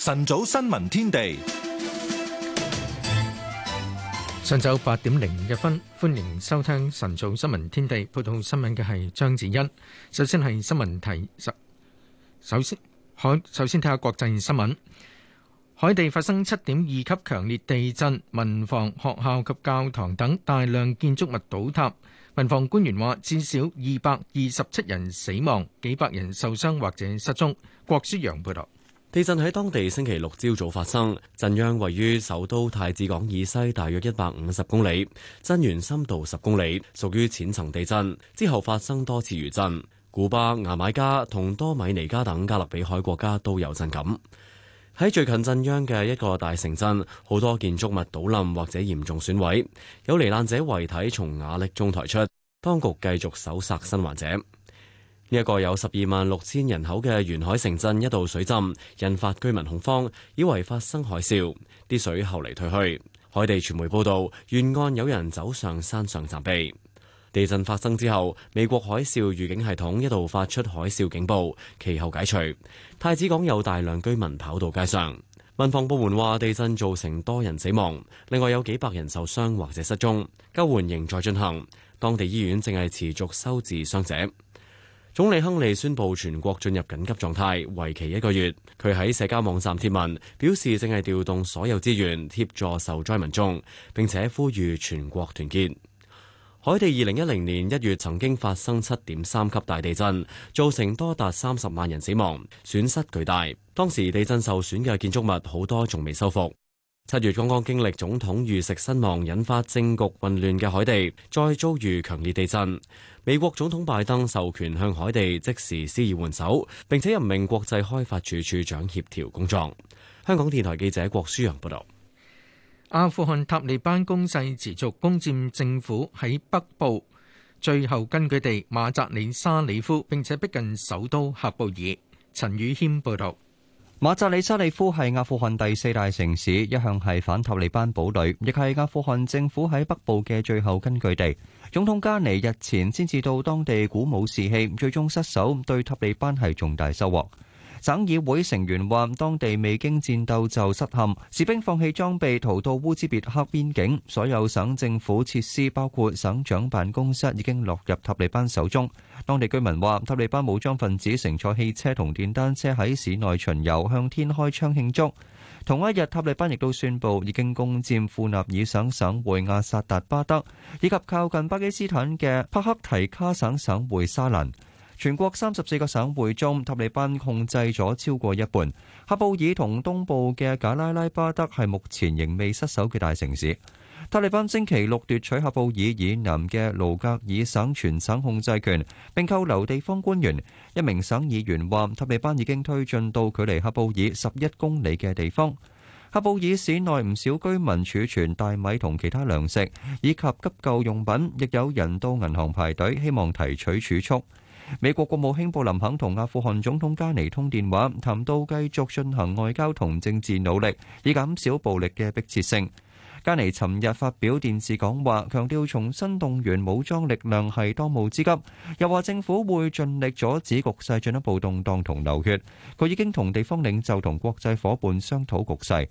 晨早新聞天地，上晝八點零一分，歡迎收聽晨早新聞天地。報道新聞嘅係張子欣。首先係新聞提實，首先海首先睇下國際新聞。海地發生七點二級強烈地震，民房、學校及教堂等大量建築物倒塌。民防官員話，至少二百二十七人死亡，幾百人受傷或者失蹤。郭書揚報道。地震喺當地星期六朝早發生，震央位於首都太子港以西大約一百五十公里，震源深度十公里，屬於淺層地震。之後發生多次餘震，古巴、牙買加同多米尼加等加勒比海國家都有震感。喺最近震央嘅一個大城鎮，好多建築物倒冧或者嚴重損毀，有罹難者遺體從瓦礫中抬出，當局繼續搜尋生還者。呢一個有十二萬六千人口嘅沿海城鎮一度水浸，引發居民恐慌，以為發生海嘯。啲水後嚟退去。《海地傳媒》報道，沿岸有人走上山上暫避。地震發生之後，美國海嘯預警系統一度發出海嘯警報，其後解除。太子港有大量居民跑到街上。民防部門話，地震造成多人死亡，另外有幾百人受傷或者失蹤，救援仍在進行。當地醫院正係持續收治傷者。總理亨利宣布全國進入緊急狀態，為期一個月。佢喺社交網站貼文，表示正係調動所有資源協助受災民眾，並且呼籲全國團結。海地二零一零年一月曾經發生七點三級大地震，造成多達三十萬人死亡，損失巨大。當時地震受損嘅建築物好多仲未修復。七月剛剛經歷總統遇刺身亡，引發政局混亂嘅海地，再遭遇強烈地震。美國總統拜登授權向海地即時施以援手，並且任命國際開發署署長協調工作。香港電台記者郭舒揚報道。阿富汗塔利班攻勢持續，攻佔政府喺北部，最後根據地馬扎里沙里夫，並且逼近首都喀布爾。陳宇謙報道。馬扎里沙利夫係阿富汗第四大城市，一向係反塔利班堡壘，亦係阿富汗政府喺北部嘅最後根據地。總統加尼日前先至到當地鼓舞士氣，最終失守，對塔利班係重大收穫。省議會成員話：當地未經戰鬥就失陷，士兵放棄裝備逃到烏茲別克邊境。所有省政府設施，包括省長辦公室，已經落入塔利班手中。當地居民話：塔利班武裝分子乘坐汽車同電單車喺市內巡遊，向天開槍慶祝。同一日，塔利班亦都宣佈已經攻佔庫納爾省，省省會阿薩達巴德，以及靠近巴基斯坦嘅帕克提卡省省，省會沙蘭。全國三十四個省會中，塔利班控制咗超過一半。喀布爾同東部嘅賈拉拉巴德係目前仍未失守嘅大城市。塔利班星期六奪取喀布爾以南嘅盧格爾省全省控制權，並扣留地方官員。一名省議員話，塔利班已經推進到距離喀布爾十一公里嘅地方。喀布爾市內唔少居民儲存大米同其他糧食，以及急救用品，亦有人到銀行排隊，希望提取儲蓄。美國國務卿布林肯同阿富汗總統加尼通電話，談到繼續進行外交同政治努力，以減少暴力嘅迫切性。加尼尋日發表電視講話，強調重新動員武裝力量係當務之急，又話政府會盡力阻止局勢進一步動盪同流血。佢已經同地方領袖同國際夥伴商討局勢。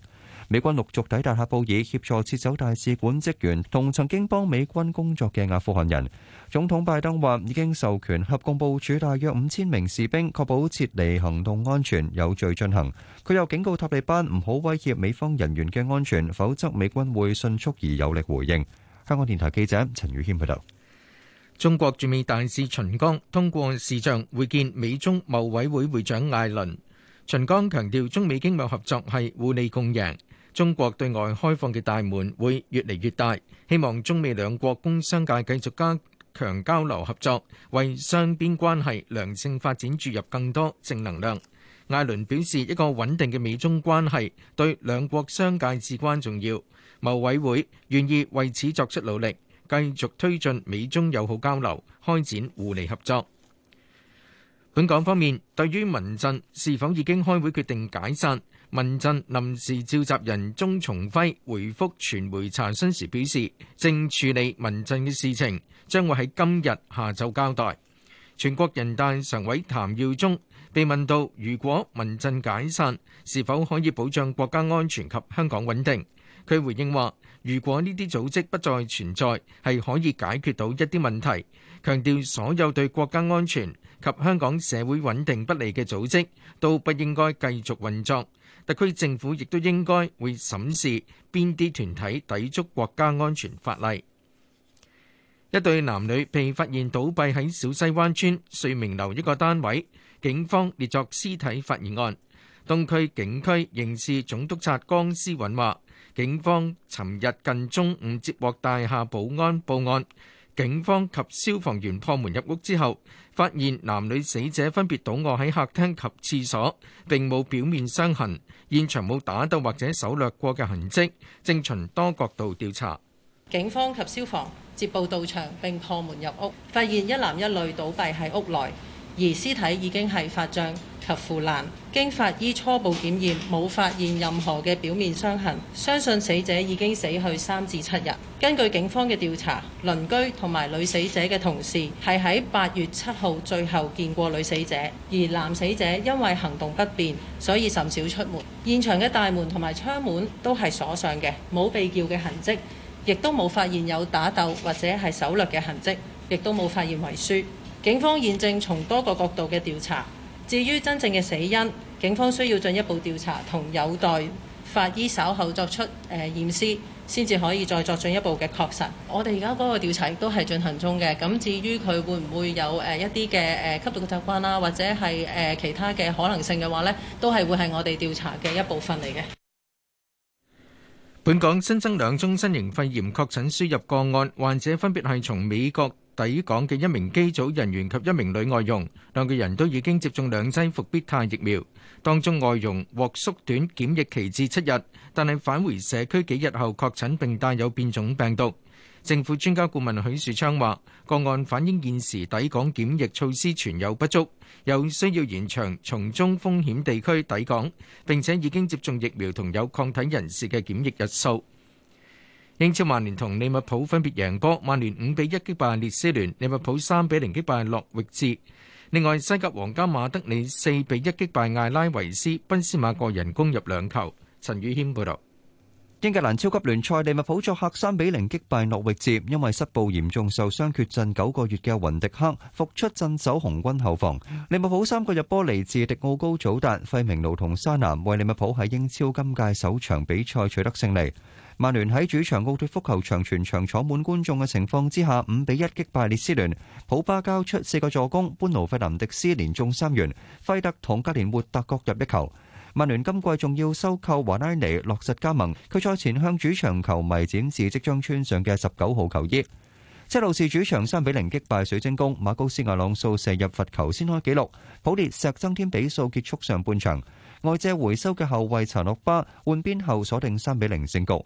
美軍陸續抵達喀布爾，協助撤走大使館職員同曾經幫美軍工作嘅阿富汗人。總統拜登話已經授權合共部署大約五千名士兵，確保撤離行動安全有序進行。佢又警告塔利班唔好威脅美方人員嘅安全，否則美軍會迅速而有力回應。香港電台記者陳宇謙報道。中國駐美大使秦剛通過視像會見美中貿委會會長艾倫。秦剛強調中美經貿合作係互利共贏。中國對外開放嘅大門會越嚟越大，希望中美兩國工商界繼續加強交流合作，為雙邊關係良性發展注入更多正能量。艾倫表示，一個穩定嘅美中關係對兩國商界至關重要，貿委會願意為此作出努力，繼續推進美中友好交流，開展互利合作。本港方面，對於民陣是否已經開會決定解散？民陣臨時召集人鍾松輝回覆傳媒查詢時表示，正處理民陣嘅事情，將會喺今日下晝交代。全國人大常委譚耀宗被問到，如果民陣解散，是否可以保障國家安全及香港穩定？佢回應話：如果呢啲組織不再存在，係可以解決到一啲問題。強調所有對國家安全及香港社會穩定不利嘅組織，都不應該繼續運作。特區政府亦都應該會審視邊啲團體抵觸國家安全法例。一對男女被發現倒斃喺小西灣村瑞明樓一個單位，警方列作屍體發現案。東區警區刑事總督察江思雲話，警方尋日近中午接獲大廈保安報案。警方及消防員破門入屋之後，發現男女死者分別倒臥喺客廳及廁所，並冇表面傷痕，現場冇打鬥或者搜掠過嘅痕跡，正循多角度調查。警方及消防接報到場並破門入屋，發現一男一女倒斃喺屋內，而屍體已經係發脹。及腐爛，經法醫初步檢驗，冇發現任何嘅表面傷痕，相信死者已經死去三至七日。根據警方嘅調查，鄰居同埋女死者嘅同事係喺八月七號最後見過女死者，而男死者因為行動不便，所以甚少出門。現場嘅大門同埋窗門都係鎖上嘅，冇被撬嘅痕跡，亦都冇發現有打鬥或者係手掠嘅痕跡，亦都冇發現遺書。警方現正從多個角度嘅調查。至於真正嘅死因，警方需要進一步調查，同有待法醫稍後作出誒驗屍，先至可以再作進一步嘅確實。我哋而家嗰個調查亦都係進行中嘅。咁至於佢會唔會有誒一啲嘅誒吸毒嘅習慣啦，或者係誒其他嘅可能性嘅話，呢都係會係我哋調查嘅一部分嚟嘅。本港新增兩宗新型肺炎確診輸入個案，患者分別係從美國抵港嘅一名機組人員及一名女外傭，兩個人都已經接種兩劑復必泰疫苗。當中外傭獲縮短檢疫期至七日，但係返回社區幾日後確診並帶有變種病毒。政府專家顧問許樹昌話個案反映現時抵港檢疫措施存有不足，有需要延長從中風險地區抵港並且已經接種疫苗同有抗體人士嘅檢疫日數。英超曼聯同利物浦分別贏波，曼聯五比一擊敗列斯聯，利物浦三比零擊敗諾域治。另外，西甲皇家馬德里四比一擊敗艾拉維斯，賓斯馬個人攻入兩球。陳宇謙報道。英格蘭超級聯賽利物浦作客三比零擊敗諾域治，因為膝部嚴重受傷缺陣九個月嘅雲迪克復出鎮守紅軍後防。利物浦三個入波嚟自迪奧高、祖達、費明奴同沙拿，為利物浦喺英超今屆首場比賽取得勝利。曼聯喺主場奧脫福球場全場坐滿觀眾嘅情況之下，五比一擊敗列斯聯，普巴交出四個助攻，班奴費林迪斯連中三元，費特同格連活特各入一球。曼聯今季仲要收購華拉尼落實加盟，佢賽前向主場球迷展示即將穿上嘅十九號球衣。車路士主場三比零擊敗水晶宮，馬高斯亞朗素射入罰球先開紀錄，普列石增添比數結束上半場。外借回收嘅後衛查洛巴換邊後鎖定三比零勝局。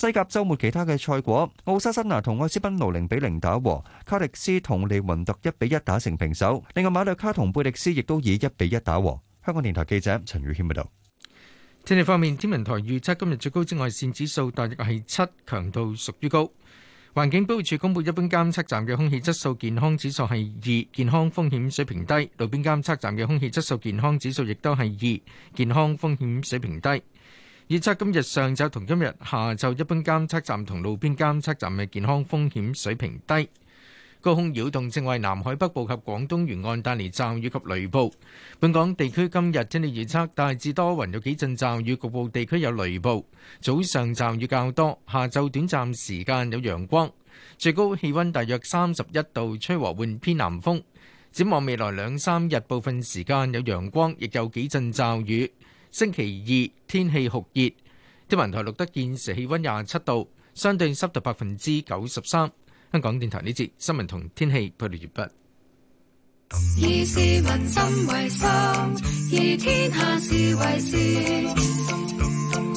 西甲周末其他嘅賽果，奧沙辛拿同愛斯賓奴零比零打和，卡迪斯同利雲特一比一打成平手。另外馬略卡同貝迪斯亦都以一比一打和。香港電台記者陳宇謙報道。天氣方面，天文台預測今日最高紫外線指數大約係七，強度屬於高。環境保護署公布一般監測站嘅空氣質素健康指數係二，健康風險水平低。路邊監測站嘅空氣質素健康指數亦都係二，健康風險水平低。預測今日上晝同今日下晝一般監測站同路邊監測站嘅健康風險水平低。高空擾動正為南海北部及廣東沿岸帶嚟驟雨及雷暴。本港地區今日天氣預測大致多雲，有幾陣驟雨，局部地區有雷暴。早上驟雨較多，下晝短暫時間有陽光。最高氣溫大約三十一度，吹和緩偏南風，展望未來兩三日，部分時間有陽光，亦有幾陣驟雨。星期二，天氣酷熱，天文台錄得現時氣温廿七度，相對濕度百分之九十三。香港電台呢節新聞同天氣不斷彙報。以市民心為心，以天下事為事。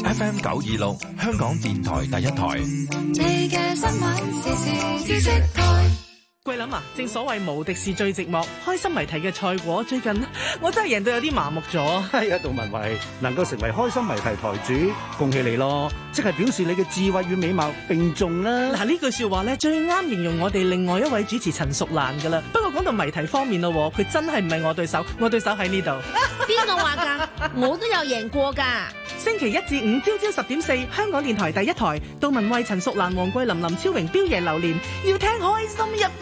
FM 九二六，香港電台第一台。你嘅新聞時時知識台。桂林啊，正所謂無敵是最寂寞，開心謎題嘅賽果最近我真係贏到有啲麻木咗。係啊、哎，杜文慧能夠成為開心謎題台主，恭喜你咯！即係表示你嘅智慧與美貌並重啦、啊。嗱，句呢句說話咧，最啱形容我哋另外一位主持陳淑蘭噶啦。不過講到謎題方面咯，佢真係唔係我對手，我對手喺呢度。邊個話噶？ 我都有贏過噶。星期一至五朝朝十點四，香港電台第一台，杜文慧、陳淑蘭、王桂林、林、林、林超榮、標爺、流連，要聽開心一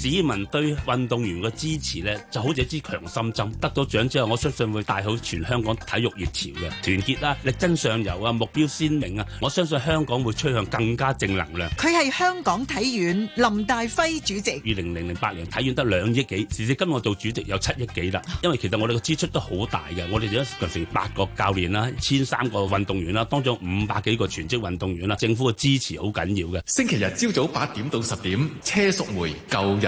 市民對運動員嘅支持呢，就好似一支強心針。得咗獎之後，我相信會帶好全香港體育熱潮嘅團結啦、力爭上游啊、目標鮮明啊！我相信香港會趨向更加正能量。佢係香港體院林大輝主席。二零零八年體院得兩億幾，時至今日做主席有七億幾啦。因為其實我哋嘅支出都好大嘅，我哋而家成八個教練啦，千三個運動員啦，當中五百幾個全職運動員啦，政府嘅支持好緊要嘅。星期日朝早八點到十點，車淑梅舊日。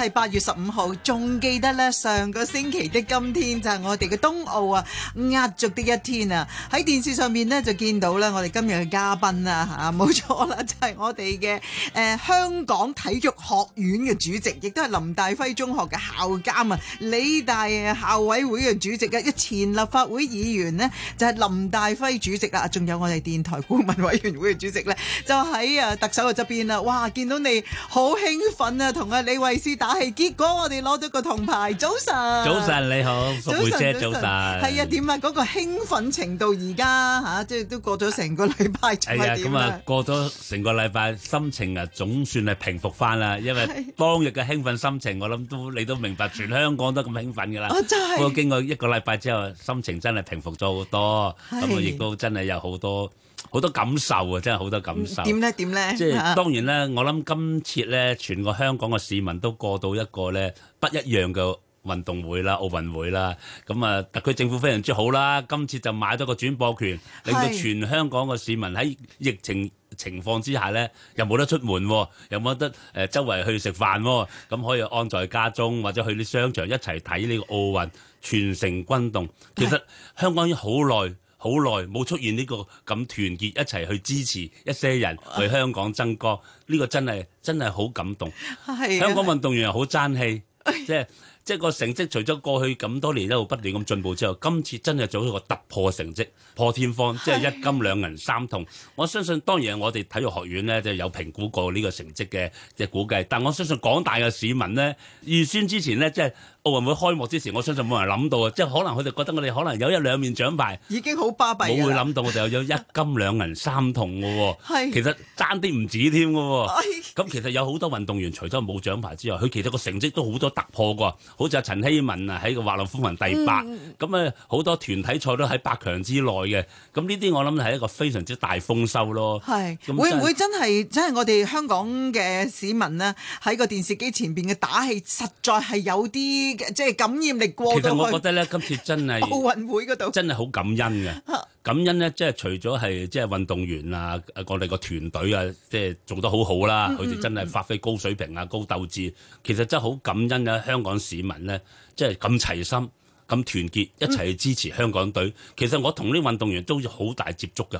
係八月十五號，仲記得呢，上個星期的今天就係、是、我哋嘅東奧啊，壓軸的一天啊！喺電視上面呢，就見到呢我哋今日嘅嘉賓啦吓，冇錯啦，就係、是、我哋嘅誒香港體育學院嘅主席，亦都係林大輝中學嘅校監啊，理大校委會嘅主席啊，一前立法會議員呢，就係林大輝主席啦。仲有我哋電台顧問委員會嘅主席呢，就喺啊特首嘅側邊啦。哇，見到你好興奮啊，同阿李慧詩打係結果我哋攞到個銅牌，早晨，早晨你好，福貝姐早晨，係晨啊，點、那個、啊？嗰個興奮程度而家吓，即係都過咗成個禮拜，係啊，咁啊，過咗成個禮拜，心情啊，總算係平復翻啦。因為當日嘅興奮心情，的我諗都你都明白，全香港都咁興奮噶啦。不過、就是、經過一個禮拜之後，心情真係平復咗好多，咁我亦都真係有好多。好多感受啊，真係好多感受。點咧？點咧？即係當然咧，我諗今次咧，全個香港嘅市民都過到一個咧不一樣嘅運動會啦、奧運會啦。咁啊，特區政府非常之好啦。今次就買咗個轉播權，令到全香港嘅市民喺疫情情況之下咧，又冇得出門喎，又冇得誒周圍去食飯喎，咁可以安在家中或者去啲商場一齊睇呢個奧運，全城轟動。其實香港已經好耐。好耐冇出現呢個咁團結一齊去支持一些人為香港爭光，呢、啊、個真係真係好感動。的香港運動員好爭氣，即係即係個成績，除咗過去咁多年一路不斷咁進步之後，今次真係做一個突破成績，破天荒，即、就、係、是、一金兩銀三銅。的我相信當然我哋體育學院呢，就有評估過呢個成績嘅即係估計，但我相信廣大嘅市民呢，預選之前呢，即、就、係、是。奧運會開幕之前，我相信冇人諗到啊！即係可能佢哋覺得我哋可能有一兩面獎牌，已經好巴閉。冇會諗到，我哋有一金兩銀三銅嘅。係 是，其實爭啲唔止添嘅。係，咁其實有好多運動員除咗冇獎牌之外，佢其實個成績都好多突破嘅。好似阿陳希文啊，喺個滑浪風雲第八。咁啊、嗯，好多團體賽都喺百強之內嘅。咁呢啲我諗係一個非常之大豐收咯。係是，會唔會真係真係我哋香港嘅市民呢，喺個電視機前邊嘅打氣，實在係有啲。即係感染力過咗。其實我覺得咧，今次真係奧運會嗰度真係好感恩嘅。 感恩咧，即係除咗係即係運動員啊，我哋個團隊啊，即係做得好好啦。佢哋，嗯嗯嗯、真係發揮高水平啊，高鬥志。其實真係好感恩啊！香港市民咧，即係咁齊心、咁團結一齊去支持香港隊，嗯、其實我同啲運動員都好大接觸嘅。